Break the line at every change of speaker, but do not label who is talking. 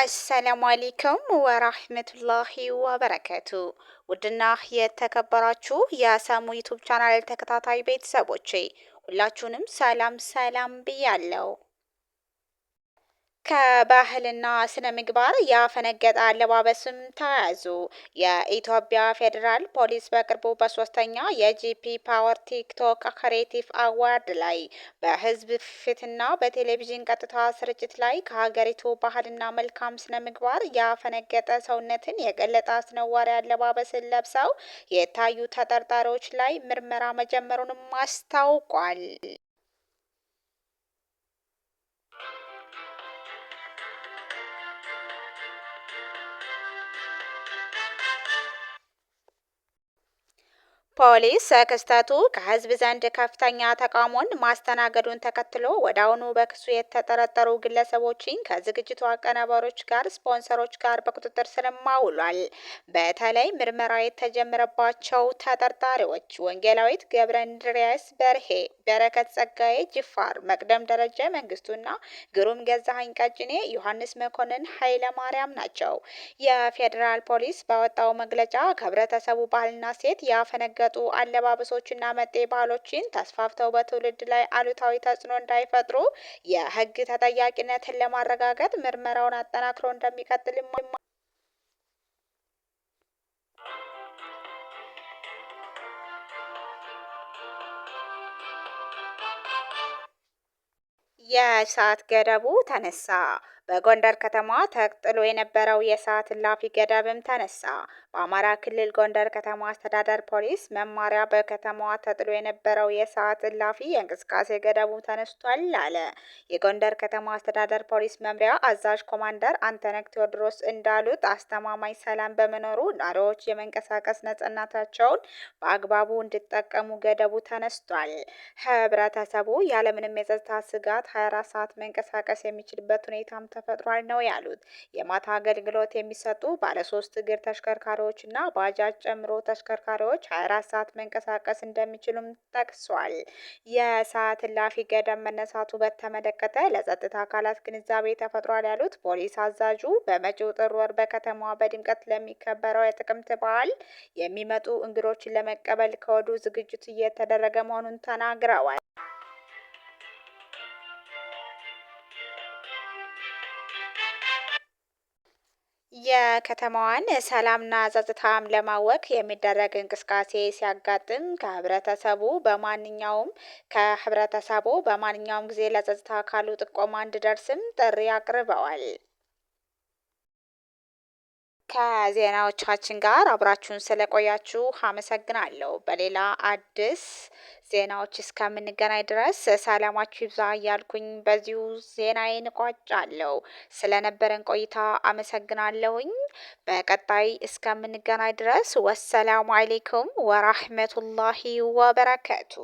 አሰላሙ አሌይኩም ወራህመቱላሂ ወበረከቱ። ውድና የተከበራችሁ የሰሙ ዩቱብ ቻናል ተከታታይ ቤተሰቦቼ ሁላችሁንም ሰላም ሰላም ብያለው። ከባህልና ስነ ምግባር ያፈነገጠ አለባበስም ተያዙ። የኢትዮጵያ ፌዴራል ፖሊስ በቅርቡ በሶስተኛ የጂፒ ፓወር ቲክቶክ ክሬቲቭ አዋርድ ላይ በህዝብ ፊትና በቴሌቪዥን ቀጥታ ስርጭት ላይ ከሀገሪቱ ባህልና መልካም ስነ ምግባር ያፈነገጠ ሰውነትን የገለጠ አስነዋሪ አለባበስን ለብሰው የታዩ ተጠርጣሪዎች ላይ ምርመራ መጀመሩንም አስታውቋል። ፖሊስ ክስተቱ ከህዝብ ዘንድ ከፍተኛ ተቃውሞን ማስተናገዱን ተከትሎ ወደ አሁኑ በክሱ የተጠረጠሩ ግለሰቦችን ከዝግጅቱ አቀናባሪዎች ጋር ስፖንሰሮች ጋር በቁጥጥር ስር ውሏል። በተለይ ምርመራ የተጀመረባቸው ተጠርጣሪዎች ወንጌላዊት ገብረ እንድሪያስ በርሄ፣ በረከት ጸጋዬ ጅፋር፣ መቅደም ደረጀ መንግስቱና ግሩም ገዛሀኝ ቀጭኔ፣ ዮሐንስ መኮንን ኃይለ ማርያም ናቸው። የፌዴራል ፖሊስ ባወጣው መግለጫ ከህብረተሰቡ ባህልና ሴት ያፈነገ የተመረጡ አለባበሶችና መጤ ባህሎችን ተስፋፍተው በትውልድ ላይ አሉታዊ ተጽዕኖ እንዳይፈጥሩ የህግ ተጠያቂነትን ለማረጋገጥ ምርመራውን አጠናክሮ እንደሚቀጥል የሰዓት ገደቡ ተነሳ። በጎንደር ከተማ ተጥሎ የነበረው የሰዓት እላፊ ገደብም ተነሳ። በአማራ ክልል ጎንደር ከተማ አስተዳደር ፖሊስ መማሪያ በከተማዋ ተጥሎ የነበረው የሰዓት እላፊ የእንቅስቃሴ ገደቡ ተነስቷል አለ። የጎንደር ከተማ አስተዳደር ፖሊስ መምሪያ አዛዥ ኮማንደር አንተነክ ቴዎድሮስ እንዳሉት አስተማማኝ ሰላም በመኖሩ ነዋሪዎች የመንቀሳቀስ ነጻነታቸውን በአግባቡ እንዲጠቀሙ ገደቡ ተነስቷል። ህብረተሰቡ ያለምንም የጸጥታ ስጋት 24 ሰዓት መንቀሳቀስ የሚችልበት ሁኔታም ተፈጥሯል ነው ያሉት። የማታ አገልግሎት የሚሰጡ ባለሶስት እግር ተሽከርካሪዎች እና ባጃጅ ጨምሮ ተሽከርካሪዎች 24 ሰዓት መንቀሳቀስ እንደሚችሉም ጠቅሷል። የሰዓት እላፊ ገደብ መነሳቱ በተመለከተ ለጸጥታ አካላት ግንዛቤ ተፈጥሯል ያሉት ፖሊስ አዛዡ በመጪው ጥር ወር በከተማዋ በድምቀት ለሚከበረው የጥቅምት በዓል የሚመጡ እንግዶችን ለመቀበል ከወዱ ዝግጅት እየተደረገ መሆኑን ተናግረዋል። የከተማዋን ሰላምና ጸጥታም ለማወክ የሚደረግ እንቅስቃሴ ሲያጋጥም ከህብረተሰቡ በማንኛውም ከህብረተሰቡ በማንኛውም ጊዜ ለጸጥታ አካሉ ጥቆማ እንዲደርስም ጥሪ አቅርበዋል። ከዜናዎቻችን ጋር አብራችሁን ስለቆያችሁ አመሰግናለሁ። በሌላ አዲስ ዜናዎች እስከምንገናኝ ድረስ ሰላማችሁ ይብዛ እያልኩኝ በዚሁ ዜናዬን እቋጫለሁ። ስለነበረን ቆይታ አመሰግናለሁኝ። በቀጣይ እስከምንገናኝ ድረስ ወሰላሙ አሌይኩም ወራህመቱላሂ ወበረከቱ።